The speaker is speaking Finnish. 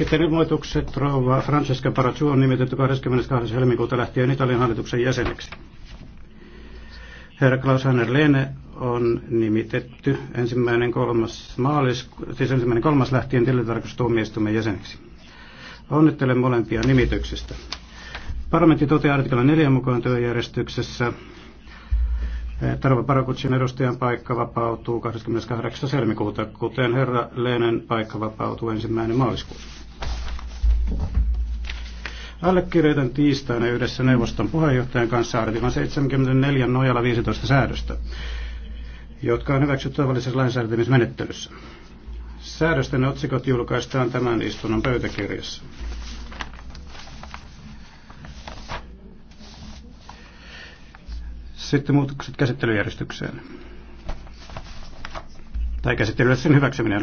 Sitten ilmoitukset rouva Francesca Paratsu on nimitetty 22. helmikuuta lähtien Italian hallituksen jäseneksi. Herra Klaus-Hanner Lene on nimitetty ensimmäinen kolmas maalisku, siis ensimmäinen kolmas lähtien tilintarkastuomioistuimen jäseneksi. Onnittelen molempia nimityksistä. Parlamentti toteaa artikla 4 mukaan työjärjestyksessä, Tarva Parakutsin edustajan paikka vapautuu 28. helmikuuta, kuten herra Leenen paikka vapautuu ensimmäinen maaliskuuta. Allekirjoitan tiistaina yhdessä neuvoston puheenjohtajan kanssa artiklan 74 nojalla 15 säädöstä, jotka on hyväksytty tavallisessa lainsäätämismenettelyssä. Säädösten otsikot julkaistaan tämän istunnon pöytäkirjassa. Sitten muutokset käsittelyjärjestykseen. Tai käsittelyjärjestyksen hyväksyminen